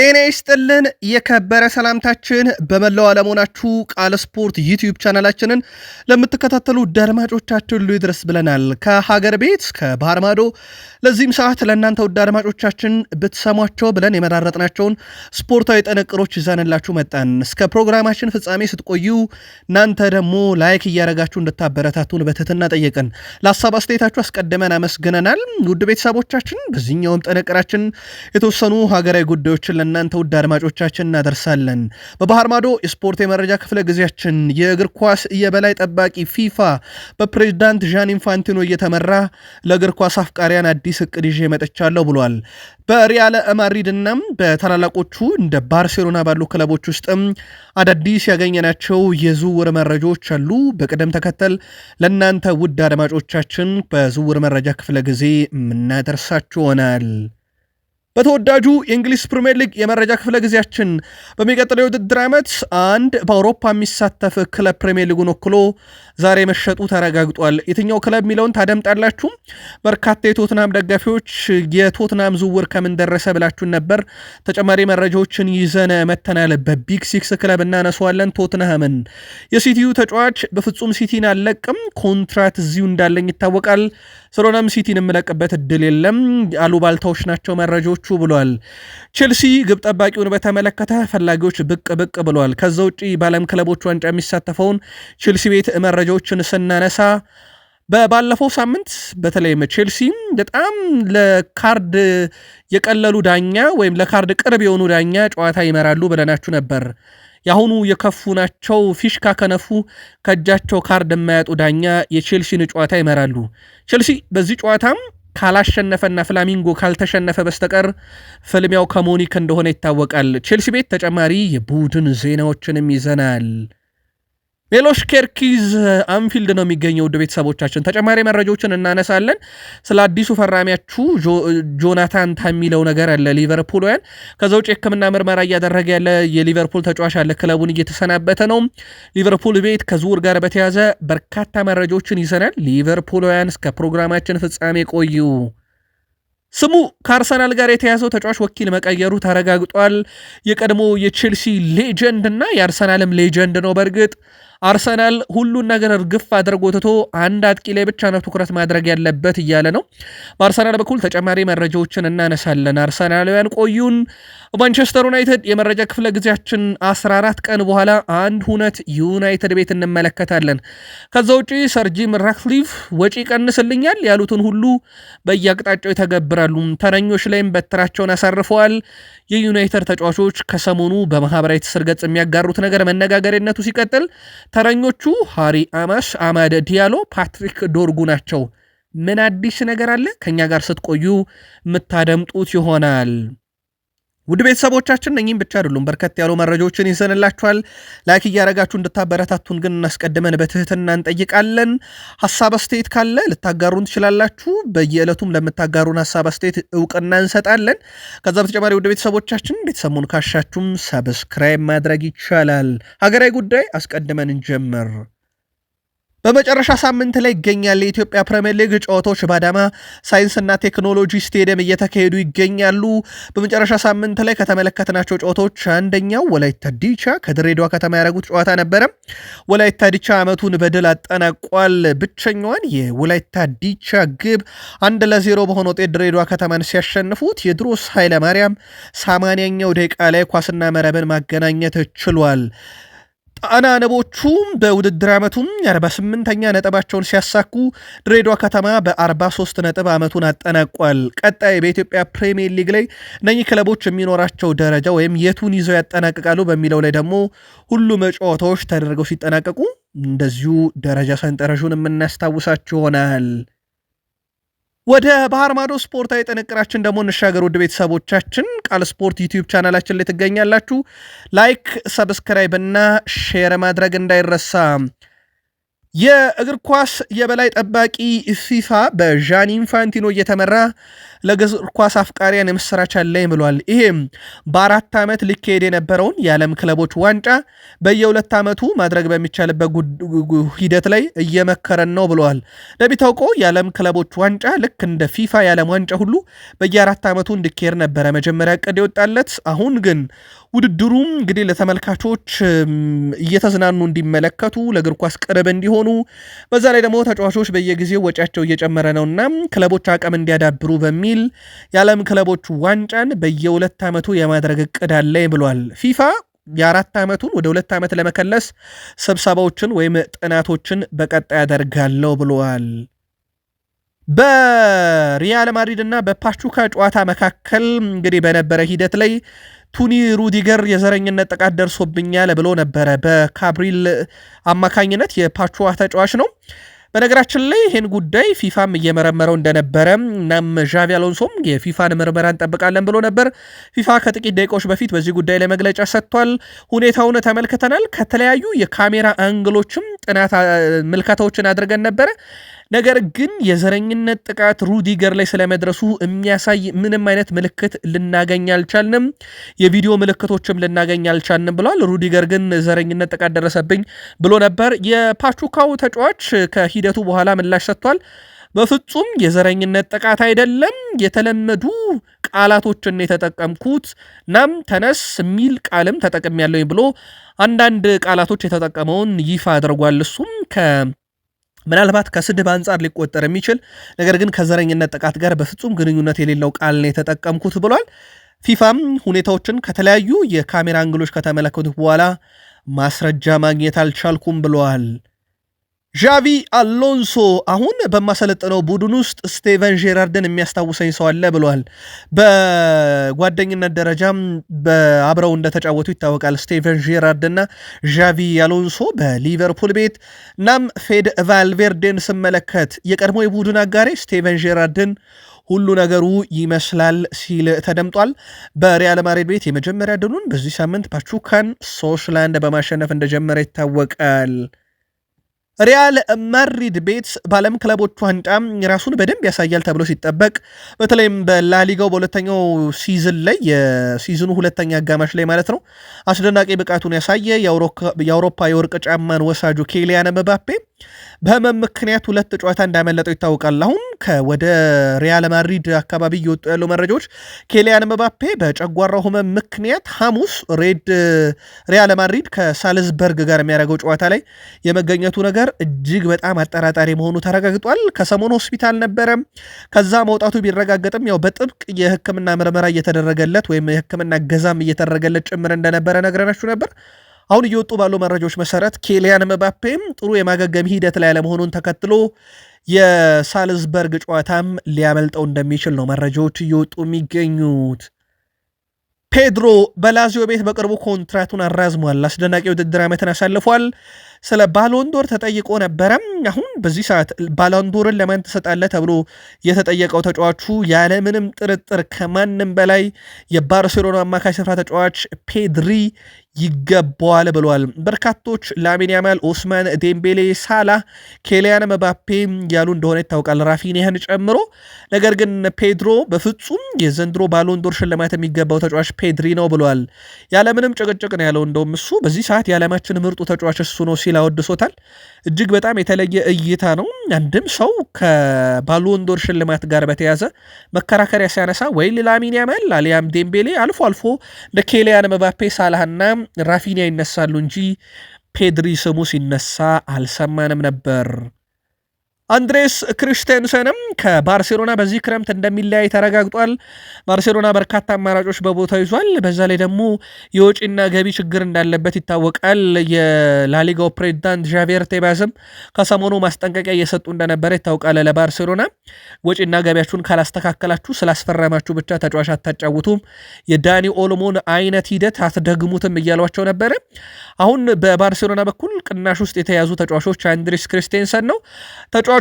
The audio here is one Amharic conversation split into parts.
ጤና ይስጥልን የከበረ ሰላምታችን በመላው አለመሆናችሁ ቃል ስፖርት ዩቲዩብ ቻናላችንን ለምትከታተሉ አድማጮቻችን ሉ ይድረስ ብለናል። ከሀገር ቤት ከባህር ማዶ ለዚህም ሰዓት ለእናንተ ውድ አድማጮቻችን ብትሰሟቸው ብለን የመራረጥናቸውን ስፖርታዊ ጥንቅሮች ይዘንላችሁ መጣን። እስከ ፕሮግራማችን ፍጻሜ ስትቆዩ እናንተ ደግሞ ላይክ እያደረጋችሁ እንድታበረታቱን በትህትና ጠየቅን። ለሀሳብ አስተያየታችሁ አስቀድመን አመስግነናል። ውድ ቤተሰቦቻችን በዚህኛውም ጥንቅራችን የተወሰኑ ሀገራዊ ጉዳዮችን እናንተ ውድ አድማጮቻችን እናደርሳለን። በባህር ማዶ የስፖርት የመረጃ ክፍለ ጊዜያችን የእግር ኳስ የበላይ ጠባቂ ፊፋ በፕሬዚዳንት ዣን ኢንፋንቲኖ እየተመራ ለእግር ኳስ አፍቃሪያን አዲስ እቅድ ይዤ መጥቻለሁ ብሏል። በሪያል ማድሪድና በታላላቆቹ እንደ ባርሴሎና ባሉ ክለቦች ውስጥም አዳዲስ ያገኘናቸው የዝውውር መረጃዎች አሉ። በቅደም ተከተል ለእናንተ ውድ አድማጮቻችን በዝውውር መረጃ ክፍለ ጊዜ የምናደርሳችሁ ይሆናል። በተወዳጁ የእንግሊዝ ፕሪምየር ሊግ የመረጃ ክፍለ ጊዜያችን በሚቀጥለው የውድድር ዓመት አንድ በአውሮፓ የሚሳተፍ ክለብ ፕሪምየር ሊጉን ወክሎ ዛሬ መሸጡ ተረጋግጧል። የትኛው ክለብ የሚለውን ታደምጣላችሁ። በርካታ የቶትናም ደጋፊዎች የቶትናም ዝውውር ከምን ደረሰ ብላችሁን ነበር። ተጨማሪ መረጃዎችን ይዘን መተናል። በቢግ ሲክስ ክለብ እናነሰዋለን። ቶትናምን የሲቲዩ ተጫዋች በፍጹም ሲቲን አለቅም፣ ኮንትራት እዚሁ እንዳለኝ ይታወቃል ስለሆነም ሲቲን የምለቅበት እድል የለም፣ አሉባልታዎች ናቸው መረጃዎቹ ብሏል። ቼልሲ ግብ ጠባቂውን በተመለከተ ፈላጊዎች ብቅ ብቅ ብሏል። ከዛ ውጭ በዓለም ክለቦች ዋንጫ የሚሳተፈውን ቼልሲ ቤት መረጃዎችን ስናነሳ በባለፈው ሳምንት በተለይም ቼልሲ በጣም ለካርድ የቀለሉ ዳኛ ወይም ለካርድ ቅርብ የሆኑ ዳኛ ጨዋታ ይመራሉ ብለናችሁ ነበር። የአሁኑ የከፉ ናቸው። ፊሽካ ከነፉ ከእጃቸው ካርድ የማያጡ ዳኛ የቼልሲን ጨዋታ ይመራሉ። ቼልሲ በዚህ ጨዋታም ካላሸነፈና ፍላሚንጎ ካልተሸነፈ በስተቀር ፍልሚያው ከሞኒክ እንደሆነ ይታወቃል። ቼልሲ ቤት ተጨማሪ የቡድን ዜናዎችንም ይዘናል። ሜሎሽ ኬርኪዝ አንፊልድ ነው የሚገኘው። ውድ ቤተሰቦቻችን ተጨማሪ መረጃዎችን እናነሳለን። ስለ አዲሱ ፈራሚያችሁ ጆናታን ታሚለው ነገር አለ ሊቨርፑልውያን። ከዛ ውጭ የሕክምና ምርመራ እያደረገ ያለ የሊቨርፑል ተጫዋች አለ፣ ክለቡን እየተሰናበተ ነው። ሊቨርፑል ቤት ከዝውውር ጋር በተያዘ በርካታ መረጃዎችን ይዘናል። ሊቨርፑልውያን እስከ ፕሮግራማችን ፍጻሜ ቆዩ። ስሙ ከአርሰናል ጋር የተያዘው ተጫዋች ወኪል መቀየሩ ተረጋግጧል። የቀድሞ የቼልሲ ሌጀንድ እና የአርሰናልም ሌጀንድ ነው በእርግጥ አርሰናል ሁሉን ነገር እርግፍ አድርጎ ትቶ አንድ አጥቂ ላይ ብቻ ነው ትኩረት ማድረግ ያለበት እያለ ነው። በአርሰናል በኩል ተጨማሪ መረጃዎችን እናነሳለን። አርሰናላውያን ቆዩን። ማንቸስተር ዩናይትድ የመረጃ ክፍለ ጊዜያችን 14 ቀን በኋላ አንድ ሁነት ዩናይትድ ቤት እንመለከታለን። ከዛ ውጪ ሰር ጂም ራትክሊፍ ወጪ ቀንስልኛል ያሉትን ሁሉ በየአቅጣጫው ይተገብራሉ። ተረኞች ላይም በትራቸውን አሳርፈዋል። የዩናይትድ ተጫዋቾች ከሰሞኑ በማህበራዊ ትስስር ገጽ የሚያጋሩት ነገር መነጋገሪነቱ ሲቀጥል ተረኞቹ ሃሪ አማሽ፣ አማደ ዲያሎ፣ ፓትሪክ ዶርጉ ናቸው። ምን አዲስ ነገር አለ? ከእኛ ጋር ስትቆዩ የምታደምጡት ይሆናል። ውድ ቤተሰቦቻችን እኚህም ብቻ አይደሉም፣ በርከት ያሉ መረጃዎችን ይዘንላችኋል። ላይክ እያረጋችሁ እንድታበረታቱን ግን እናስቀድመን በትህትና እንጠይቃለን። ሀሳብ አስተያየት ካለ ልታጋሩን ትችላላችሁ። በየዕለቱም ለምታጋሩን ሀሳብ አስተያየት እውቅና እንሰጣለን። ከዛ በተጨማሪ ውድ ቤተሰቦቻችን ቤተሰሙን ካሻችሁም ሰብስክራይብ ማድረግ ይቻላል። ሀገራዊ ጉዳይ አስቀድመን እንጀምር። በመጨረሻ ሳምንት ላይ ይገኛል። የኢትዮጵያ ፕሪምየር ሊግ ጨዋታዎች በአዳማ ሳይንስና ቴክኖሎጂ ስቴዲየም እየተካሄዱ ይገኛሉ። በመጨረሻ ሳምንት ላይ ከተመለከትናቸው ጨዋታዎች አንደኛው ወላይታ ዲቻ ከድሬዳዋ ከተማ ያደረጉት ጨዋታ ነበረ። ወላይታ ዲቻ ዓመቱን በድል አጠናቋል። ብቸኛዋን የወላይታ ዲቻ ግብ አንድ ለዜሮ በሆነ ውጤት ድሬዳዋ ከተማን ሲያሸንፉት የድሮስ ኃይለማርያም ሰማንያኛው ደቂቃ ላይ ኳስና መረብን ማገናኘት ችሏል። አናነቦቹም በውድድር ዓመቱም የ48ኛ ነጥባቸውን ሲያሳኩ ድሬዳዋ ከተማ በ43 ነጥብ ዓመቱን አጠናቋል። ቀጣይ በኢትዮጵያ ፕሪምየር ሊግ ላይ እነኚህ ክለቦች የሚኖራቸው ደረጃ ወይም የቱን ይዘው ያጠናቅቃሉ በሚለው ላይ ደግሞ ሁሉም ጨዋታዎች ተደርገው ሲጠናቀቁ እንደዚሁ ደረጃ ሰንጠረዡን የምናስታውሳችሁ ይሆናል። ወደ ባህር ማዶ ስፖርታዊ ጥንቅራችን ደግሞ እንሻገር። ውድ ቤተሰቦቻችን ቃል ስፖርት ዩቲዩብ ቻናላችን ላይ ትገኛላችሁ። ላይክ፣ ሰብስክራይብ እና ሼር ማድረግ እንዳይረሳ። የእግር ኳስ የበላይ ጠባቂ ፊፋ በዣን ኢንፋንቲኖ እየተመራ ለእግር ኳስ አፍቃሪያን የምስራች አለኝ ብሏል። ይሄም በአራት ዓመት ሊካሄድ የነበረውን የዓለም ክለቦች ዋንጫ በየሁለት ዓመቱ ማድረግ በሚቻልበት ሂደት ላይ እየመከረን ነው ብለዋል። እንደሚታውቀው የዓለም ክለቦች ዋንጫ ልክ እንደ ፊፋ የዓለም ዋንጫ ሁሉ በየአራት ዓመቱ እንዲካሄድ ነበረ መጀመሪያ ዕቅድ የወጣለት። አሁን ግን ውድድሩም እንግዲህ ለተመልካቾች እየተዝናኑ እንዲመለከቱ ለእግር ኳስ ቅርብ እንዲሆኑ በዛ ላይ ደግሞ ተጫዋቾች በየጊዜው ወጪያቸው እየጨመረ ነውና ክለቦች አቅም እንዲያዳብሩ በሚል የዓለም ክለቦች ዋንጫን በየሁለት ዓመቱ የማድረግ እቅድ አለኝ ብሏል ፊፋ። የአራት ዓመቱን ወደ ሁለት ዓመት ለመከለስ ስብሰባዎችን ወይም ጥናቶችን በቀጣይ ያደርጋለሁ ብለዋል። በሪያል ማድሪድ እና በፓቹካ ጨዋታ መካከል እንግዲህ በነበረ ሂደት ላይ ቱኒ ሩዲገር የዘረኝነት ጥቃት ደርሶብኛል ብሎ ነበረ። በካብሪል አማካኝነት የፓቹዋ ተጫዋች ነው። በነገራችን ላይ ይህን ጉዳይ ፊፋም እየመረመረው እንደነበረ እናም ዣቪ አሎንሶም የፊፋን ምርመራ እንጠብቃለን ብሎ ነበር። ፊፋ ከጥቂት ደቂቃዎች በፊት በዚህ ጉዳይ ላይ መግለጫ ሰጥቷል። ሁኔታውን ተመልክተናል። ከተለያዩ የካሜራ አንግሎችም ጥናት ምልከታዎችን አድርገን ነበረ። ነገር ግን የዘረኝነት ጥቃት ሩዲገር ላይ ስለመድረሱ የሚያሳይ ምንም አይነት ምልክት ልናገኝ አልቻልንም፣ የቪዲዮ ምልክቶችም ልናገኝ አልቻልንም ብሏል። ሩዲገር ግን ዘረኝነት ጥቃት ደረሰብኝ ብሎ ነበር። የፓቹካው ተጫዋች ከሂደቱ በኋላ ምላሽ ሰጥቷል። በፍጹም የዘረኝነት ጥቃት አይደለም፣ የተለመዱ ቃላቶችን የተጠቀምኩት ናም ተነስ የሚል ቃልም ተጠቅሚያለኝ ብሎ አንዳንድ ቃላቶች የተጠቀመውን ይፋ አድርጓል። እሱም ምናልባት ከስድብ አንጻር ሊቆጠር የሚችል ነገር ግን ከዘረኝነት ጥቃት ጋር በፍጹም ግንኙነት የሌለው ቃል ነው የተጠቀምኩት ብሏል። ፊፋም ሁኔታዎችን ከተለያዩ የካሜራ አንግሎች ከተመለከቱት በኋላ ማስረጃ ማግኘት አልቻልኩም ብለዋል። ዣቪ አሎንሶ አሁን በማሰለጥነው ቡድን ውስጥ ስቴቨን ጄራርድን የሚያስታውሰኝ ሰው አለ ብሏል። በጓደኝነት ደረጃም በአብረው እንደተጫወቱ ይታወቃል። ስቴቨን ጄራርድና ዣቪ አሎንሶ በሊቨርፑል ቤት እናም ፌድ ቫልቬርዴን ስመለከት የቀድሞ የቡድን አጋሬ ስቴቨን ጄራርድን ሁሉ ነገሩ ይመስላል ሲል ተደምጧል። በሪያል ማድሪድ ቤት የመጀመሪያ ድሉን በዚህ ሳምንት ፓቹካን ሶስት ለአንድ በማሸነፍ እንደጀመረ ይታወቃል። ሪያል ማድሪድ ቤት በዓለም ክለቦቹ ዋንጫ ራሱን በደንብ ያሳያል ተብሎ ሲጠበቅ በተለይም በላሊጋው በሁለተኛው ሲዝን ላይ የሲዝኑ ሁለተኛ አጋማሽ ላይ ማለት ነው አስደናቂ ብቃቱን ያሳየ የአውሮፓ የወርቅ ጫማን ወሳጁ ኬሊያን መባፔ በህመም ምክንያት ሁለት ጨዋታ እንዳመለጠው ይታወቃል። አሁን ከወደ ሪያል ማድሪድ አካባቢ እየወጡ ያሉ መረጃዎች ኬሊያን መባፔ በጨጓራው ህመም ምክንያት ሐሙስ ሬድ ሪያል ማድሪድ ከሳልዝበርግ ጋር የሚያደርገው ጨዋታ ላይ የመገኘቱ ነገር እጅግ በጣም አጠራጣሪ መሆኑ ተረጋግጧል። ከሰሞኑ ሆስፒታል ነበረም። ከዛ መውጣቱ ቢረጋገጥም ያው በጥብቅ የህክምና ምርመራ እየተደረገለት ወይም የህክምና ገዛም እየተደረገለት ጭምር እንደነበረ ነግረናችሁ ነበር። አሁን እየወጡ ባሉ መረጃዎች መሰረት ኬሊያን መባፔም ጥሩ የማገገም ሂደት ላይ አለመሆኑን ተከትሎ የሳልዝበርግ ጨዋታም ሊያመልጠው እንደሚችል ነው መረጃዎች እየወጡ የሚገኙት። ፔድሮ በላዚዮ ቤት በቅርቡ ኮንትራቱን አራዝሟል። አስደናቂ ውድድር ዓመትን አሳልፏል። ስለ ባሎንዶር ተጠይቆ ነበረም። አሁን በዚህ ሰዓት ባሎንዶርን ለማን ትሰጣለህ ተብሎ የተጠየቀው ተጫዋቹ ያለምንም ጥርጥር ከማንም በላይ የባርሴሎና አማካይ ስፍራ ተጫዋች ፔድሪ ይገባዋል ብሏል። በርካቶች ላሚን ያማል፣ ኦስማን ዴምቤሌ፣ ሳላ፣ ኬሊያን መባፔ ያሉ እንደሆነ ይታወቃል ራፊኒያን ጨምሮ። ነገር ግን ፔድሮ በፍጹም የዘንድሮ ባሎንዶር ሽልማት የሚገባው ተጫዋች ፔድሪ ነው ብሏል። ያለምንም ጭቅጭቅ ነው ያለው። እንደውም እሱ በዚህ ሰዓት የዓለማችን ምርጡ ተጫዋች እሱ ነው ሲል አወድሶታል። እጅግ በጣም የተለየ እይታ ነው። አንድም ሰው ከባሎንዶር ሽልማት ጋር በተያዘ መከራከሪያ ሲያነሳ ወይ ላሚን ያማል አሊያም ዴምቤሌ አልፎ አልፎ እንደ ኬሊያን መባፔ ሳላህና ራፊኒያ ይነሳሉ እንጂ ፔድሪ ስሙ ሲነሳ አልሰማንም ነበር። አንድሬስ ክሪስቴንሰንም ከባርሴሎና በዚህ ክረምት እንደሚለያይ ተረጋግጧል። ባርሴሎና በርካታ አማራጮች በቦታው ይዟል። በዛ ላይ ደግሞ የወጪና ገቢ ችግር እንዳለበት ይታወቃል። የላሊጋው ፕሬዚዳንት ዣቬር ቴባዝም ከሰሞኑ ማስጠንቀቂያ እየሰጡ እንደነበረ ይታወቃል። ለባርሴሎና ወጪና ገቢያችሁን ካላስተካከላችሁ ስላስፈረማችሁ ብቻ ተጫዋች አታጫውቱም፣ የዳኒ ኦልሞን አይነት ሂደት አትደግሙትም እያሏቸው ነበረ። አሁን በባርሴሎና በኩል ቅናሽ ውስጥ የተያዙ ተጫዋቾች አንድሬስ ክሪስቴንሰን ነው።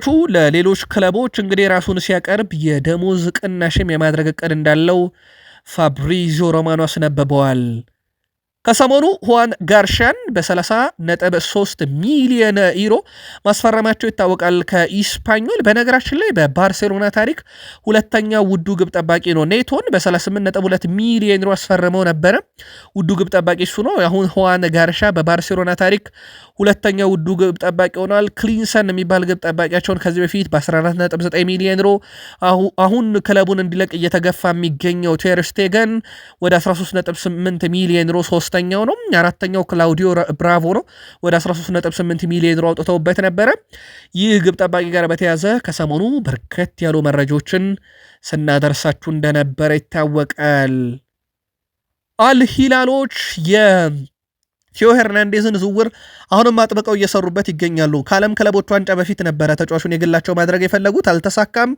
ተጫዋቹ ለሌሎች ክለቦች እንግዲህ ራሱን ሲያቀርብ የደሞዝ ቅናሽም የማድረግ እቅድ እንዳለው ፋብሪዚዮ ሮማኖ አስነብበዋል። ከሰሞኑ ሁዋን ጋርሻን በ 3 ሚሊዮን ዩሮ ማስፈረማቸው ይታወቃል ከኢስፓኞል። በነገራችን ላይ በባርሴሎና ታሪክ ሁለተኛ ውዱ ግብ ጠባቂ ነው። ኔቶን በ38.2 ሚሊዮን ዩሮ አስፈርመው ነበረ። ውዱ ግብ ጠባቂ እሱ ነው። አሁን ሁዋን ጋርሻ በባርሴሎና ታሪክ ሁለተኛ ውዱ ግብ ጠባቂ ሆኗል። ክሊንሰን የሚባል ግብ ጠባቂያቸውን ከዚህ በፊት በ14.9 ሚሊዮን ዩሮ አሁን ክለቡን እንዲለቅ እየተገፋ የሚገኘው ቴርስቴገን ወደ 13.8 ሚሊዮን ዩሮ ሶስተኛው ነው። አራተኛው ክላውዲዮ ብራቮ ነው። ወደ 13.8 ሚሊዮን ሮ አውጥተውበት ነበረ። ይህ ግብ ጠባቂ ጋር በተያዘ ከሰሞኑ በርከት ያሉ መረጃዎችን ስናደርሳችሁ እንደነበረ ይታወቃል። አልሂላሎች የ ቲዮ ሄርናንዴዝን ዝውውር አሁንም አጥብቀው እየሰሩበት ይገኛሉ። ከዓለም ክለቦች ዋንጫ በፊት ነበረ ተጫዋቹን የግላቸው ማድረግ የፈለጉት አልተሳካም።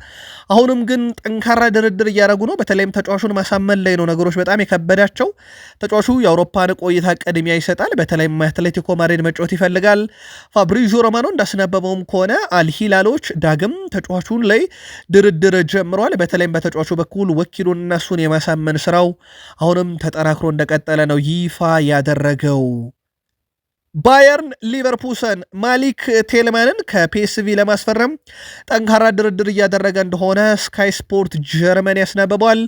አሁንም ግን ጠንካራ ድርድር እያደረጉ ነው። በተለይም ተጫዋቹን ማሳመን ላይ ነው ነገሮች በጣም የከበዳቸው። ተጫዋቹ የአውሮፓን ቆይታ ቅድሚያ ይሰጣል። በተለይም አትሌቲኮ ማድሪድ መጫወት ይፈልጋል። ፋብሪዞ ሮማኖ እንዳስነበበውም ከሆነ አልሂላሎች ዳግም ተጫዋቹን ላይ ድርድር ጀምረዋል። በተለይም በተጫዋቹ በኩል ወኪሉን እነሱን የማሳመን ስራው አሁንም ተጠናክሮ እንደቀጠለ ነው ይፋ ያደረገው። ባየርን ሊቨርፑሰን ማሊክ ቴልማንን ከፒኤስቪ ለማስፈረም ጠንካራ ድርድር እያደረገ እንደሆነ ስካይ ስፖርት ጀርመን ያስነብቧል።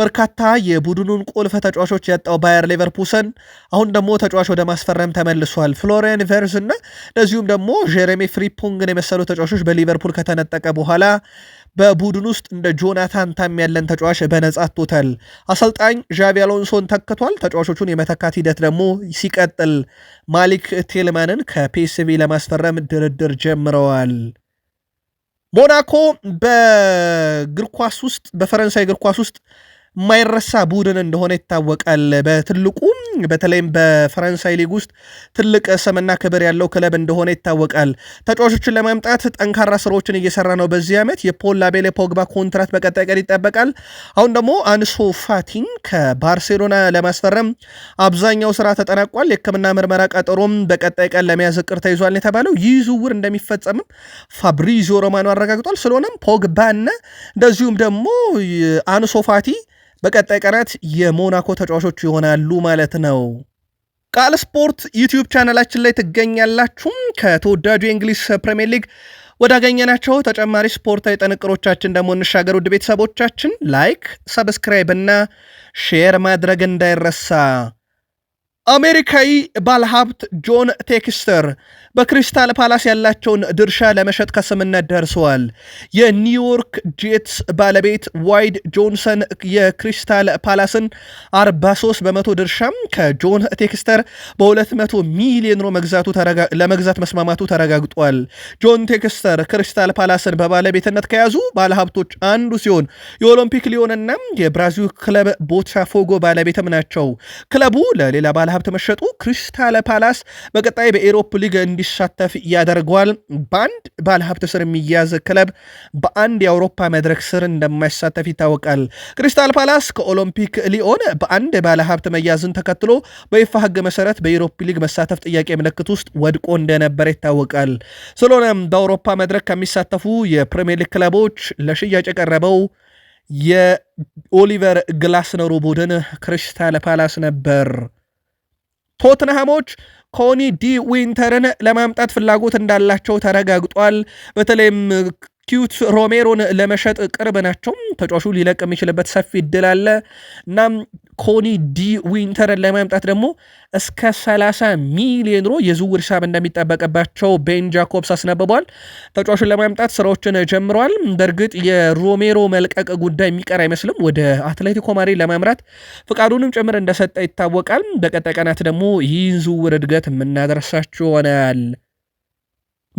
በርካታ የቡድኑን ቁልፍ ተጫዋቾች ያጣው ባየር ሊቨርፑልሰን አሁን ደግሞ ተጫዋች ወደ ማስፈረም ተመልሷል። ፍሎሪያን ቨርዝ እና እንደዚሁም ደግሞ ጀሬሚ ፍሪፖንግን የመሰሉ ተጫዋቾች በሊቨርፑል ከተነጠቀ በኋላ በቡድን ውስጥ እንደ ጆናታን ታም ያለን ተጫዋች በነጻ ቶታል አሰልጣኝ ዣቪ አሎንሶን ተክቷል። ተጫዋቾቹን የመተካት ሂደት ደግሞ ሲቀጥል ማሊክ ቴልማንን ከፒኤስቪ ለማስፈረም ድርድር ጀምረዋል። ሞናኮ በእግር ኳስ ውስጥ በፈረንሳይ እግር ኳስ ውስጥ የማይረሳ ቡድን እንደሆነ ይታወቃል። በትልቁ በተለይም በፈረንሳይ ሊግ ውስጥ ትልቅ ስምና ክብር ያለው ክለብ እንደሆነ ይታወቃል። ተጫዋቾችን ለማምጣት ጠንካራ ስራዎችን እየሰራ ነው። በዚህ ዓመት የፖል ላቤሌ ፖግባ ኮንትራት በቀጣይ ቀን ይጠበቃል። አሁን ደግሞ አንሶ ፋቲን ከባርሴሎና ለማስፈረም አብዛኛው ስራ ተጠናቋል። የሕክምና ምርመራ ቀጠሮም በቀጣይ ቀን ለመያዝ እቅድ ተይዟል የተባለው ይህ ዝውውር እንደሚፈጸምም ፋብሪዚዮ ሮማኖ አረጋግጧል። ስለሆነም ፖግባና እንደዚሁም ደግሞ አንሶ ፋቲ በቀጣይ ቀናት የሞናኮ ተጫዋቾች ይሆናሉ ማለት ነው። ቃል ስፖርት ዩቲዩብ ቻናላችን ላይ ትገኛላችሁም። ከተወዳጁ የእንግሊዝ ፕሪምየር ሊግ ወዳገኘናቸው ተጨማሪ ስፖርታዊ ጥንቅሮቻችን ደግሞ እንሻገር። ውድ ቤተሰቦቻችን ላይክ፣ ሰብስክራይብ እና ሼር ማድረግ እንዳይረሳ። አሜሪካዊ ባለሀብት ጆን ቴክስተር በክሪስታል ፓላስ ያላቸውን ድርሻ ለመሸጥ ከስምነት ደርሰዋል። የኒውዮርክ ጄትስ ባለቤት ዋይድ ጆንሰን የክሪስታል ፓላስን 43 በመቶ ድርሻም ከጆን ቴክስተር በ200 ሚሊዮን ሮ ለመግዛት መስማማቱ ተረጋግጧል። ጆን ቴክስተር ክሪስታል ፓላስን በባለቤትነት ከያዙ ባለሀብቶች አንዱ ሲሆን የኦሎምፒክ ሊዮንና የብራዚል ክለብ ቦታፎጎ ባለቤትም ናቸው። ክለቡ ለሌላ ባለ ባለሀብት መሸጡ ክሪስታል ፓላስ በቀጣይ በኤሮፕ ሊግ እንዲሳተፍ ያደርገዋል። በአንድ ባለሀብት ስር የሚያዝ ክለብ በአንድ የአውሮፓ መድረክ ስር እንደማይሳተፍ ይታወቃል። ክሪስታል ፓላስ ከኦሎምፒክ ሊዮን በአንድ ባለሀብት መያዝን ተከትሎ በይፋ ህግ መሰረት በኤሮፕ ሊግ መሳተፍ ጥያቄ ምልክት ውስጥ ወድቆ እንደነበረ ይታወቃል። ስለሆነም በአውሮፓ መድረክ ከሚሳተፉ የፕሪሚየር ሊግ ክለቦች ለሽያጭ የቀረበው የኦሊቨር ግላስነሩ ቡድን ክሪስታል ፓላስ ነበር። ቶትንሃሞች ኮኒ ዲ ዊንተርን ለማምጣት ፍላጎት እንዳላቸው ተረጋግጧል። በተለይም ኪዩት ሮሜሮን ለመሸጥ ቅርብ ናቸው። ተጫዋቹ ሊለቅ የሚችልበት ሰፊ እድል አለ። እናም ኮኒ ዲ ዊንተርን ለማምጣት ደግሞ እስከ 30 ሚሊዮን ሮ የዝውውር ሂሳብ እንደሚጠበቅባቸው ቤን ጃኮብስ አስነብቧል። ተጫዋቹን ለማምጣት ስራዎችን ጀምረዋል። በእርግጥ የሮሜሮ መልቀቅ ጉዳይ የሚቀር አይመስልም። ወደ አትሌቲኮ ማድሪድ ለማምራት ፍቃዱንም ጭምር እንደሰጠ ይታወቃል። በቀጣይ ቀናት ደግሞ ይህን ዝውውር እድገት የምናደርሳችሁ ይሆናል።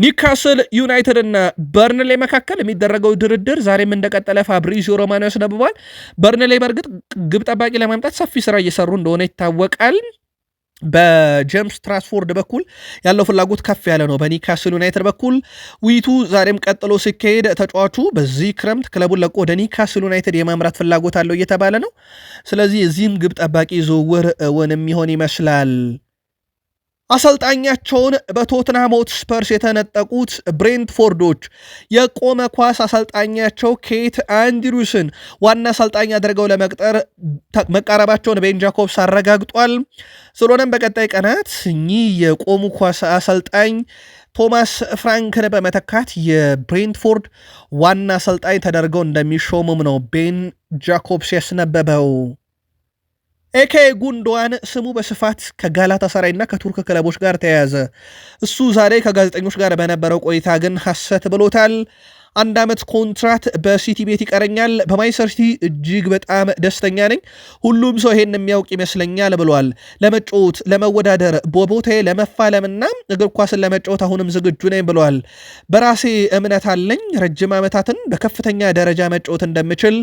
ኒካስል ዩናይትድ እና በርንሌ መካከል የሚደረገው ድርድር ዛሬም እንደቀጠለ ፋብሪዚዮ ሮማኖ ያስነብቧል። በርንሌ በእርግጥ ግብ ጠባቂ ለማምጣት ሰፊ ስራ እየሰሩ እንደሆነ ይታወቃል። በጀምስ ትራንስፎርድ በኩል ያለው ፍላጎት ከፍ ያለ ነው። በኒካስል ዩናይትድ በኩል ውይይቱ ዛሬም ቀጥሎ ሲካሄድ ተጫዋቹ በዚህ ክረምት ክለቡን ለቆ ወደ ኒካስል ዩናይትድ የማምራት ፍላጎት አለው እየተባለ ነው። ስለዚህ እዚህም ግብ ጠባቂ ዝውውር እውን የሚሆን ይመስላል። አሰልጣኛቸውን በቶትናም ሆትስፐርስ የተነጠቁት ብሬንትፎርዶች የቆመ ኳስ አሰልጣኛቸው ኬት አንድሩስን ዋና አሰልጣኝ አድርገው ለመቅጠር መቃረባቸውን ቤን ጃኮብስ አረጋግጧል። ስለሆነም በቀጣይ ቀናት እኚህ የቆሙ ኳስ አሰልጣኝ ቶማስ ፍራንክን በመተካት የብሬንትፎርድ ዋና አሰልጣኝ ተደርገው እንደሚሾሙም ነው ቤን ጃኮብስ ያስነበበው። ኤኬ ጉንዶዋን ስሙ በስፋት ከጋላታ ሰራይና ከቱርክ ክለቦች ጋር ተያያዘ። እሱ ዛሬ ከጋዜጠኞች ጋር በነበረው ቆይታ ግን ሐሰት ብሎታል። አንድ ዓመት ኮንትራት በሲቲ ቤት ይቀረኛል። በማይሰር ሲቲ እጅግ በጣም ደስተኛ ነኝ። ሁሉም ሰው ይሄን የሚያውቅ ይመስለኛል ብሏል። ለመጫወት ለመወዳደር፣ በቦታዬ ለመፋለምና እግር ኳስን ለመጫወት አሁንም ዝግጁ ነኝ ብሏል። በራሴ እምነት አለኝ። ረጅም ዓመታትን በከፍተኛ ደረጃ መጫወት እንደምችል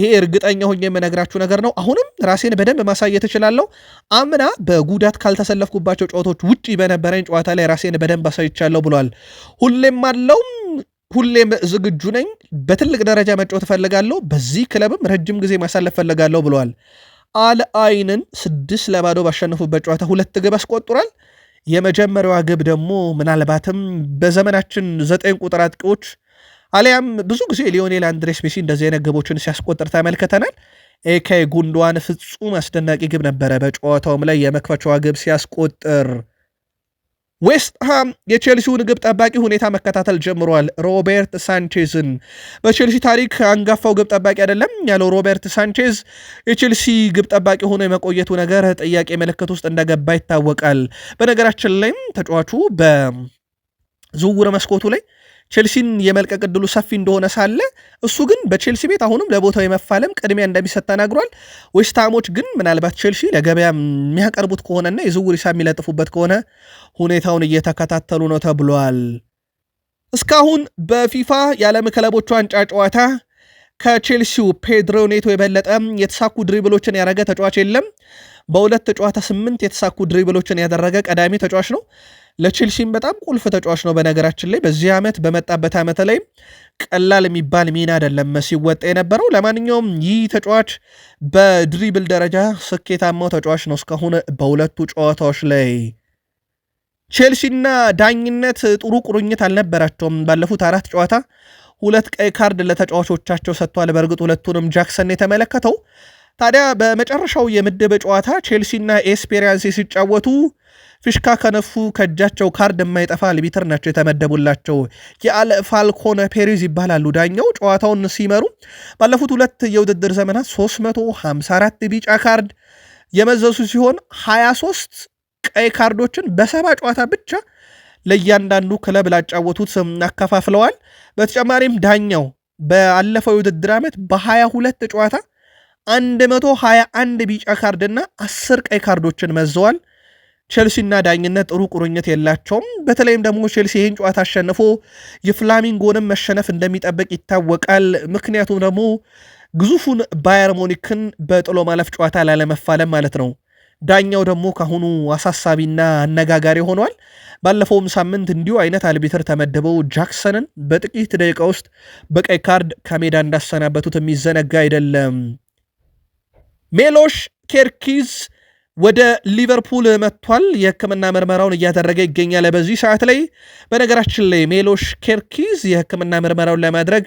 ይሄ እርግጠኛ ሆኜ የምነግራችሁ ነገር ነው። አሁንም ራሴን በደንብ ማሳየት እችላለሁ። አምና በጉዳት ካልተሰለፍኩባቸው ጨዋታዎች ውጪ በነበረኝ ጨዋታ ላይ ራሴን በደንብ አሳይቻለሁ ብሏል። ሁሌም አለው ሁሌም ዝግጁ ነኝ፣ በትልቅ ደረጃ መጫወት እፈልጋለሁ፣ በዚህ ክለብም ረጅም ጊዜ ማሳለፍ እፈልጋለሁ ብለዋል። አልአይንን ስድስት ለባዶ ባሸነፉበት ጨዋታ ሁለት ግብ አስቆጥሯል። የመጀመሪያዋ ግብ ደግሞ ምናልባትም በዘመናችን ዘጠኝ ቁጥር አጥቂዎች አሊያም ብዙ ጊዜ ሊዮኔል አንድሬስ ሜሲ እንደዚህ አይነት ግቦችን ሲያስቆጥር ተመልክተናል። ኤካይ ጉንዷን ፍጹም አስደናቂ ግብ ነበረ። በጨዋታውም ላይ የመክፈቻዋ ግብ ሲያስቆጥር ዌስትሃም የቼልሲውን ግብ ጠባቂ ሁኔታ መከታተል ጀምሯል። ሮቤርት ሳንቼዝን በቼልሲ ታሪክ አንጋፋው ግብ ጠባቂ አይደለም ያለው ሮቤርት ሳንቼዝ የቼልሲ ግብ ጠባቂ ሆኖ የመቆየቱ ነገር ጥያቄ ምልክት ውስጥ እንደገባ ይታወቃል። በነገራችን ላይም ተጫዋቹ በዝውውር መስኮቱ ላይ ቼልሲን የመልቀቅ ዕድሉ ሰፊ እንደሆነ ሳለ እሱ ግን በቼልሲ ቤት አሁንም ለቦታው የመፋለም ቅድሚያ እንደሚሰጥ ተናግሯል። ዌስትሃሞች ግን ምናልባት ቼልሲ ለገበያ የሚያቀርቡት ከሆነና የዝውውር ሂሳብ የሚለጥፉበት ከሆነ ሁኔታውን እየተከታተሉ ነው ተብሏል። እስካሁን በፊፋ የዓለም ክለቦች ዋንጫ ጨዋታ ከቼልሲው ፔድሮ ኔቶ የበለጠ የተሳኩ ድሪብሎችን ያደረገ ተጫዋች የለም። በሁለት ጨዋታ ስምንት የተሳኩ ድሪብሎችን ያደረገ ቀዳሚ ተጫዋች ነው። ለቼልሲም በጣም ቁልፍ ተጫዋች ነው። በነገራችን ላይ በዚህ ዓመት በመጣበት ዓመት ላይ ቀላል የሚባል ሚና አይደለም ሲወጣ የነበረው። ለማንኛውም ይህ ተጫዋች በድሪብል ደረጃ ስኬታማው ተጫዋች ነው እስካሁን በሁለቱ ጨዋታዎች ላይ ቼልሲና ዳኝነት ጥሩ ቁርኝት አልነበራቸውም። ባለፉት አራት ጨዋታ ሁለት ቀይ ካርድ ለተጫዋቾቻቸው ሰጥቷል። በእርግጥ ሁለቱንም ጃክሰን የተመለከተው ታዲያ በመጨረሻው የምድብ ጨዋታ ቼልሲና ኤስፔሪያንሴ ሲጫወቱ ፊሽካ ከነፉ ከእጃቸው ካርድ የማይጠፋ አልቢትር ናቸው የተመደቡላቸው። የአል ፋልኮነ ፔሪዝ ይባላሉ ዳኛው። ጨዋታውን ሲመሩ ባለፉት ሁለት የውድድር ዘመናት 354 ቢጫ ካርድ የመዘሱ ሲሆን 23 ቀይ ካርዶችን በሰባ ጨዋታ ብቻ ለእያንዳንዱ ክለብ ላጫወቱት አከፋፍለዋል። በተጨማሪም ዳኛው በአለፈው የውድድር ዓመት በ22 ጨዋታ 121 ቢጫ ካርድና 10 ቀይ ካርዶችን መዘዋል። ቼልሲና ዳኝነት ጥሩ ቁርኝት የላቸውም። በተለይም ደግሞ ቼልሲ ይህን ጨዋታ አሸንፎ የፍላሚንጎንም መሸነፍ እንደሚጠበቅ ይታወቃል። ምክንያቱም ደግሞ ግዙፉን ባየር ሞኒክን በጥሎ ማለፍ ጨዋታ ላለመፋለም ማለት ነው። ዳኛው ደግሞ ካሁኑ አሳሳቢና አነጋጋሪ ሆኗል። ባለፈውም ሳምንት እንዲሁ አይነት አልቢትር ተመድበው ጃክሰንን በጥቂት ደቂቃ ውስጥ በቀይ ካርድ ከሜዳ እንዳሰናበቱት የሚዘነጋ አይደለም። ሜሎሽ ኬርኪዝ ወደ ሊቨርፑል መጥቷል። የሕክምና ምርመራውን እያደረገ ይገኛል በዚህ ሰዓት ላይ። በነገራችን ላይ ሜሎሽ ኬርኪዝ የሕክምና ምርመራውን ለማድረግ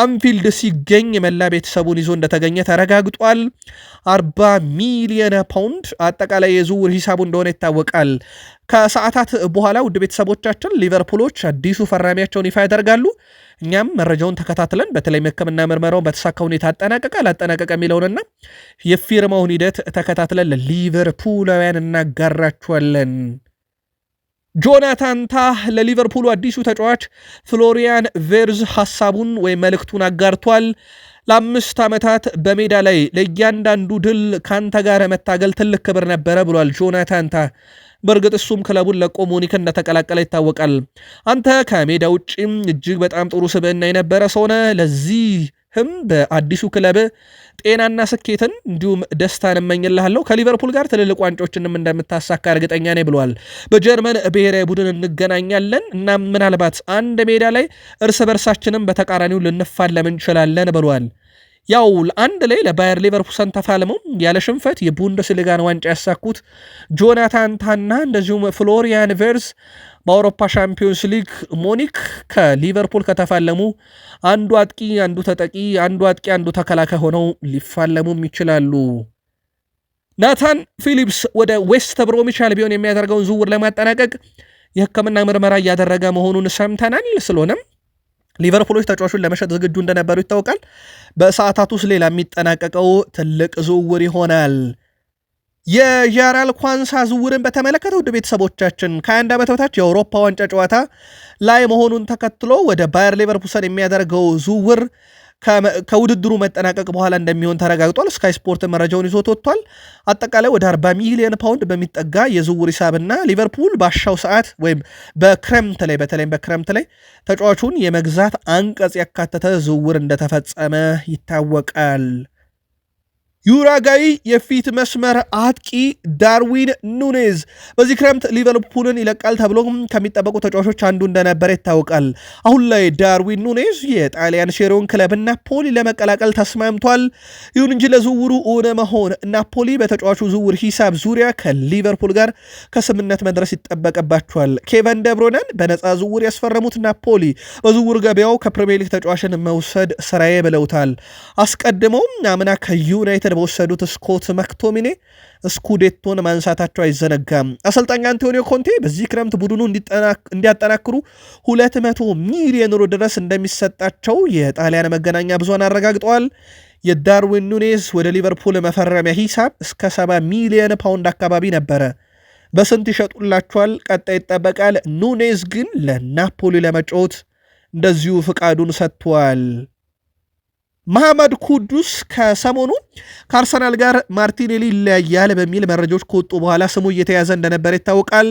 አንፊልድ ሲገኝ መላ ቤተሰቡን ይዞ እንደተገኘ ተረጋግጧል። 40 ሚሊየን ፓውንድ አጠቃላይ የዝውውር ሂሳቡ እንደሆነ ይታወቃል። ከሰዓታት በኋላ ውድ ቤተሰቦቻችን ሊቨርፑሎች አዲሱ ፈራሚያቸውን ይፋ ያደርጋሉ። እኛም መረጃውን ተከታትለን በተለይም ሕክምና ምርመራውን በተሳካ ሁኔታ አጠናቀቀ አላጠናቀቀ የሚለውንና የፊርማውን ሂደት ተከታትለን ለሊቨርፑላውያን እናጋራችኋለን። ጆናታን ታህ ለሊቨርፑሉ አዲሱ ተጫዋች ፍሎሪያን ቬርዝ ሐሳቡን ወይም መልእክቱን አጋርቷል። ለአምስት ዓመታት በሜዳ ላይ ለእያንዳንዱ ድል ካንተ ጋር መታገል ትልቅ ክብር ነበረ ብሏል ጆናታን ታህ። በእርግጥ እሱም ክለቡን ለቆ ሙኒክ እንደተቀላቀለ ይታወቃል። አንተ ከሜዳ ውጭም እጅግ በጣም ጥሩ ስብዕና የነበረ ሰው ነህ። ለዚህም በአዲሱ ክለብ ጤናና ስኬትን እንዲሁም ደስታን እመኝልሃለሁ። ከሊቨርፑል ጋር ትልልቅ ዋንጫዎችንም እንደምታሳካ እርግጠኛ ነኝ ብለዋል። በጀርመን ብሔራዊ ቡድን እንገናኛለን እና ምናልባት አንድ ሜዳ ላይ እርስ በርሳችንም በተቃራኒው ልንፋለም እንችላለን ብለዋል። ያው አንድ ላይ ለባየር ሌቨርኩሰን ተፋልመው ያለ ሽንፈት የቡንደስሊጋን ዋንጫ ያሳኩት ጆናታን ታና እንደዚሁም ፍሎሪያን ቬርስ በአውሮፓ ሻምፒዮንስ ሊግ ሞኒክ ከሊቨርፑል ከተፋለሙ አንዱ አጥቂ አንዱ ተጠቂ፣ አንዱ አጥቂ አንዱ ተከላካይ ሆነው ሊፋለሙም ይችላሉ። ናታን ፊሊፕስ ወደ ዌስት ብሮሚች ቢሆን የሚያደርገውን ዝውውር ለማጠናቀቅ የሕክምና ምርመራ እያደረገ መሆኑን ሰምተናል። ስለሆነም ሊቨርፑሎች ተጫዋቹን ለመሸጥ ዝግጁ እንደነበሩ ይታወቃል። በሰዓታት ውስጥ ሌላ የሚጠናቀቀው ትልቅ ዝውውር ይሆናል። የዣራል ኳንሳ ዝውውርን በተመለከተ ውድ ቤተሰቦቻችን ከአንድ ዓመት በታች የአውሮፓ ዋንጫ ጨዋታ ላይ መሆኑን ተከትሎ ወደ ባየር ሌቨርኩሰን የሚያደርገው ዝውውር ከውድድሩ መጠናቀቅ በኋላ እንደሚሆን ተረጋግጧል። ስካይ ስፖርት መረጃውን ይዞት ወጥቷል። አጠቃላይ ወደ 40 ሚሊዮን ፓውንድ በሚጠጋ የዝውውር ሂሳብና ሊቨርፑል ባሻው ሰዓት ወይም በክረምት ላይ በተለይም በክረምት ላይ ተጫዋቹን የመግዛት አንቀጽ ያካተተ ዝውውር እንደተፈጸመ ይታወቃል። ዩራጋይ የፊት መስመር አጥቂ ዳርዊን ኑኔዝ በዚህ ክረምት ሊቨርፑልን ይለቃል ተብሎ ከሚጠበቁ ተጫዋቾች አንዱ እንደነበረ ይታወቃል። አሁን ላይ ዳርዊን ኑኔዝ የጣሊያን ሴሪውን ክለብ ናፖሊ ለመቀላቀል ተስማምቷል። ይሁን እንጂ ለዝውውሩ እውን መሆን ናፖሊ በተጫዋቹ ዝውውር ሂሳብ ዙሪያ ከሊቨርፑል ጋር ከስምነት መድረስ ይጠበቅባቸዋል። ኬቨን ደብሮነን በነፃ ዝውውር ያስፈረሙት ናፖሊ በዝውውር ገበያው ከፕሪሚየር ሊግ ተጫዋችን መውሰድ ስራዬ ብለውታል። አስቀድመውም አምና ከዩናይትድ በወሰዱት ስኮት መክቶሚኔ ስኩዴቶን ማንሳታቸው አይዘነጋም። አሰልጣኝ አንቶኒዮ ኮንቴ በዚህ ክረምት ቡድኑ እንዲያጠናክሩ 200 ሚሊዮን ዩሮ ድረስ እንደሚሰጣቸው የጣሊያን መገናኛ ብዙሃን አረጋግጠዋል። የዳርዊን ኑኔዝ ወደ ሊቨርፑል መፈረሚያ ሂሳብ እስከ 70 ሚሊዮን ፓውንድ አካባቢ ነበረ። በስንት ይሸጡላቸዋል? ቀጣይ ይጠበቃል። ኑኔዝ ግን ለናፖሊ ለመጫወት እንደዚሁ ፍቃዱን ሰጥቷል። መሐመድ ኩዱስ ከሰሞኑ ከአርሰናል ጋር ማርቲኔሊ ይለያያል በሚል መረጃዎች ከወጡ በኋላ ስሙ እየተያዘ እንደነበረ ይታወቃል።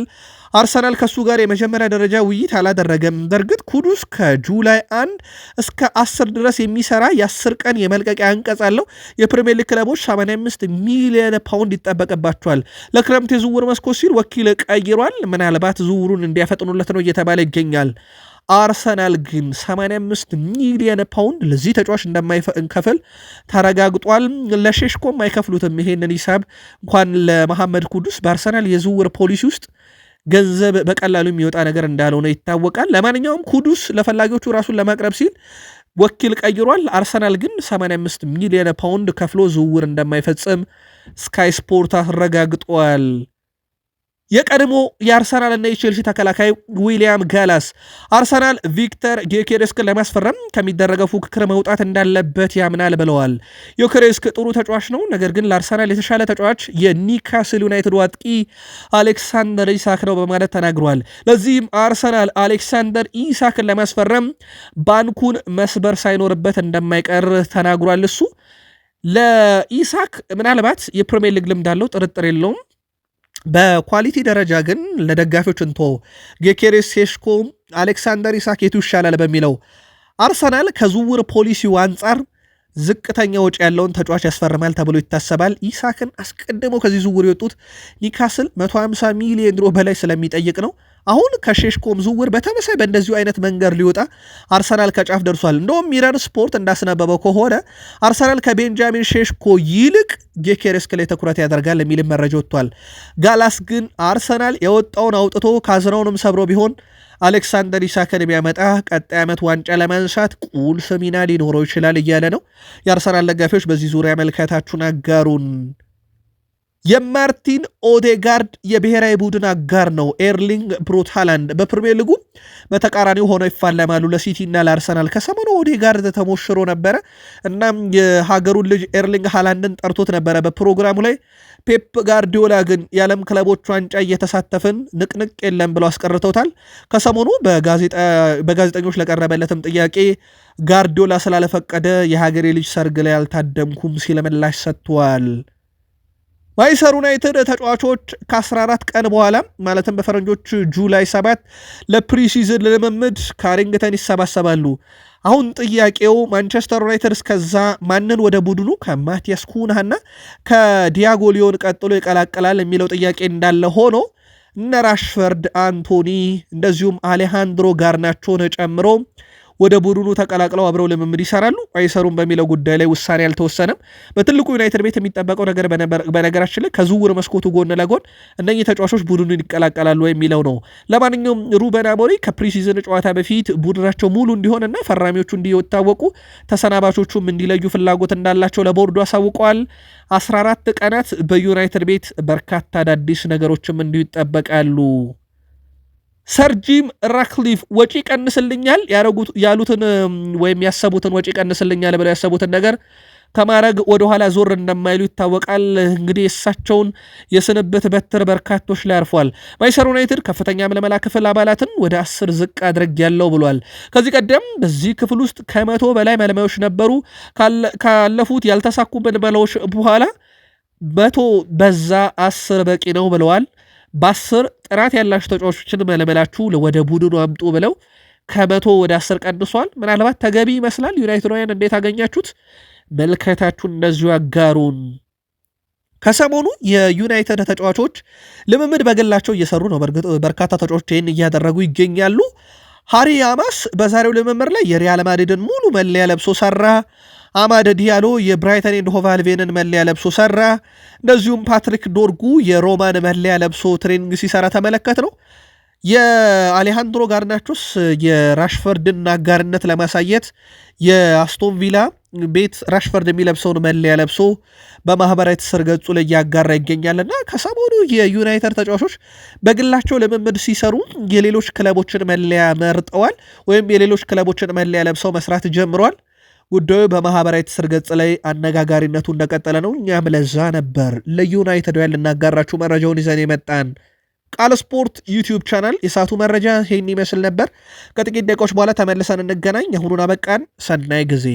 አርሰናል ከሱ ጋር የመጀመሪያ ደረጃ ውይይት አላደረገም። በእርግጥ ኩዱስ ከጁላይ አንድ እስከ አስር ድረስ የሚሰራ የአስር ቀን የመልቀቂያ አንቀጽ አለው። የፕሪሚየር ሊግ ክለቦች 85 ሚሊዮን ፓውንድ ይጠበቅባቸዋል። ለክረምት የዝውውር መስኮት ሲል ወኪል ቀይሯል። ምናልባት ዝውውሩን እንዲያፈጥኑለት ነው እየተባለ ይገኛል። አርሰናል ግን 85 ሚሊየን ፓውንድ ለዚህ ተጫዋች እንደማይከፍል ተረጋግጧል። ለሸሽኮ አይከፍሉትም። ይሄንን ሂሳብ እንኳን ለመሐመድ ኩዱስ በአርሰናል የዝውውር ፖሊሲ ውስጥ ገንዘብ በቀላሉ የሚወጣ ነገር እንዳልሆነ ይታወቃል። ለማንኛውም ኩዱስ ለፈላጊዎቹ ራሱን ለማቅረብ ሲል ወኪል ቀይሯል። አርሰናል ግን 85 ሚሊየን ፓውንድ ከፍሎ ዝውውር እንደማይፈጽም ስካይ ስፖርት አረጋግጧል። የቀድሞ የአርሰናልና የቼልሲ ተከላካይ ዊሊያም ጋላስ አርሰናል ቪክተር ጌኬሬስክን ለማስፈረም ከሚደረገው ፉክክር መውጣት እንዳለበት ያምናል ብለዋል። ጌኬሬስክ ጥሩ ተጫዋች ነው፣ ነገር ግን ለአርሰናል የተሻለ ተጫዋች የኒካስል ዩናይትድ አጥቂ አሌክሳንደር ኢሳክ ነው በማለት ተናግሯል። ለዚህም አርሰናል አሌክሳንደር ኢሳክን ለማስፈረም ባንኩን መስበር ሳይኖርበት እንደማይቀር ተናግሯል። እሱ ለኢሳክ ምናልባት የፕሪሚየር ሊግ ልምድ አለው፣ ጥርጥር የለውም በኳሊቲ ደረጃ ግን ለደጋፊዎች እንቶ ጌኬሬስ ሴሽኮ፣ አሌክሳንደር ኢሳክ የቱ ይሻላል በሚለው አርሰናል ከዝውውር ፖሊሲው አንጻር ዝቅተኛ ወጪ ያለውን ተጫዋች ያስፈርማል ተብሎ ይታሰባል። ኢሳክን አስቀድሞ ከዚህ ዝውውር የወጡት ኒካስል 150 ሚሊዮን ድሮ በላይ ስለሚጠይቅ ነው። አሁን ከሼሽኮም ዝውውር በተመሳይ በእንደዚሁ አይነት መንገድ ሊወጣ አርሰናል ከጫፍ ደርሷል። እንደውም ሚረር ስፖርት እንዳስነበበው ከሆነ አርሰናል ከቤንጃሚን ሼሽኮ ይልቅ ጌኬሬስክ ላይ ትኩረት ያደርጋል የሚል መረጃ ወጥቷል። ጋላስ ግን አርሰናል የወጣውን አውጥቶ ካዝናውንም ሰብሮ ቢሆን አሌክሳንደር ኢሳክን የሚያመጣ ቀጣይ ዓመት ዋንጫ ለማንሳት ቁልፍ ሚና ሊኖረው ይችላል እያለ ነው። የአርሰናል ደጋፊዎች በዚህ ዙሪያ መልከታችሁን አጋሩን። የማርቲን ኦዴጋርድ የብሔራዊ ቡድን አጋር ነው ኤርሊንግ ብሩት ሃላንድ። በፕሪሚየር ሊጉ በተቃራኒው ሆነው ይፋለማሉ ለሲቲ እና ለአርሰናል። ከሰሞኑ ኦዴጋርድ ተሞሽሮ ነበረ። እናም የሀገሩን ልጅ ኤርሊንግ ሃላንድን ጠርቶት ነበረ በፕሮግራሙ ላይ። ፔፕ ጋርዲዮላ ግን የዓለም ክለቦች ዋንጫ እየተሳተፍን ንቅንቅ የለም ብለው አስቀርተውታል። ከሰሞኑ በጋዜጠኞች ለቀረበለትም ጥያቄ ጋርዲዮላ ስላለፈቀደ የሀገሬ ልጅ ሰርግ ላይ አልታደምኩም ሲል ምላሽ ሰጥቷል። ማይሰር ዩናይትድ ተጫዋቾች ከ14 ቀን በኋላ ማለትም በፈረንጆች ጁላይ 7 ለፕሪሲዝን ልምምድ ካሪንግተን ይሰባሰባሉ። አሁን ጥያቄው ማንቸስተር ዩናይትድ እስከዛ ማንን ወደ ቡድኑ ከማቲያስ ኩናና ከዲያጎ ሊዮን ቀጥሎ ይቀላቀላል የሚለው ጥያቄ እንዳለ ሆኖ እነ ራሽፈርድ፣ አንቶኒ እንደዚሁም አሌሃንድሮ ጋርናቾን ጨምሮ ወደ ቡድኑ ተቀላቅለው አብረው ልምምድ ይሰራሉ አይሰሩም በሚለው ጉዳይ ላይ ውሳኔ አልተወሰነም። በትልቁ ዩናይትድ ቤት የሚጠበቀው ነገር በነገራችን ላይ ከዝውውር መስኮቱ ጎን ለጎን እነኚህ ተጫዋቾች ቡድኑን ይቀላቀላሉ የሚለው ነው። ለማንኛውም ሩበን አሞሪ ከፕሪሲዝን ጨዋታ በፊት ቡድናቸው ሙሉ እንዲሆንና ፈራሚዎቹ እንዲታወቁ ተሰናባቾቹም እንዲለዩ ፍላጎት እንዳላቸው ለቦርዱ አሳውቀዋል። 14 ቀናት በዩናይትድ ቤት በርካታ አዳዲስ ነገሮችም እንዲሁ ይጠበቃሉ። ሰር ጂም ወጪ ቀንስልኛል ያሉትን ወይም ያሰቡትን ወጪ ቀንስልኛል ብለው ያሰቡትን ነገር ከማድረግ ወደኋላ ዞር እንደማይሉ ይታወቃል። እንግዲህ እሳቸውን የስንብት በትር በርካቶች ላይ አርፏል። ማንቸስተር ዩናይትድ ከፍተኛ ምልመላ ክፍል አባላትን ወደ አስር ዝቅ አድረግ ያለው ብሏል። ከዚህ ቀደም በዚህ ክፍል ውስጥ ከመቶ በላይ መልማዮች ነበሩ። ካለፉት ያልተሳኩ ምልመላዎች በኋላ መቶ በዛ አስር በቂ ነው ብለዋል። በአስር ጥራት ያላቸው ተጫዋቾችን መለመላችሁ ወደ ቡድኑ አምጡ ብለው ከመቶ ወደ አስር ቀንሷል። ምናልባት ተገቢ ይመስላል። ዩናይትዳውያን እንዴት አገኛችሁት? መልከታችሁን እንደዚሁ አጋሩን ከሰሞኑ የዩናይትድ ተጫዋቾች ልምምድ በግላቸው እየሰሩ ነው። በርካታ ተጫዋቾች ይህን እያደረጉ ይገኛሉ። ሃሪ አማስ በዛሬው ልምምር ላይ የሪያል ማድሪድን ሙሉ መለያ ለብሶ ሰራ። አማድ ዲያሎ የብራይተን ኤንድ ሆቭ አልቬንን መለያ ለብሶ ሰራ። እንደዚሁም ፓትሪክ ዶርጉ የሮማን መለያ ለብሶ ትሬኒንግ ሲሰራ ተመለከት ነው። የአሌሃንድሮ ጋርናቾስ የራሽፈርድን አጋርነት ለማሳየት የአስቶን ቪላ ቤት ራሽፈርድ የሚለብሰውን መለያ ለብሶ በማህበራዊ ትስስር ገጹ ላይ እያጋራ ይገኛልና ከሰሞኑ የዩናይተድ ተጫዋቾች በግላቸው ልምምድ ሲሰሩ የሌሎች ክለቦችን መለያ መርጠዋል ወይም የሌሎች ክለቦችን መለያ ለብሰው መስራት ጀምሯል ጉዳዩ በማህበራዊ ትስስር ገጽ ላይ አነጋጋሪነቱ እንደቀጠለ ነው። እኛም ለዛ ነበር ለዩናይተድ ያል ልናጋራችሁ መረጃውን ይዘን የመጣን። ቃል ስፖርት ዩቲዩብ ቻናል የሰዓቱ መረጃ ይህን ይመስል ነበር። ከጥቂት ደቂቃዎች በኋላ ተመልሰን እንገናኝ። አሁኑን አበቃን። ሰናይ ጊዜ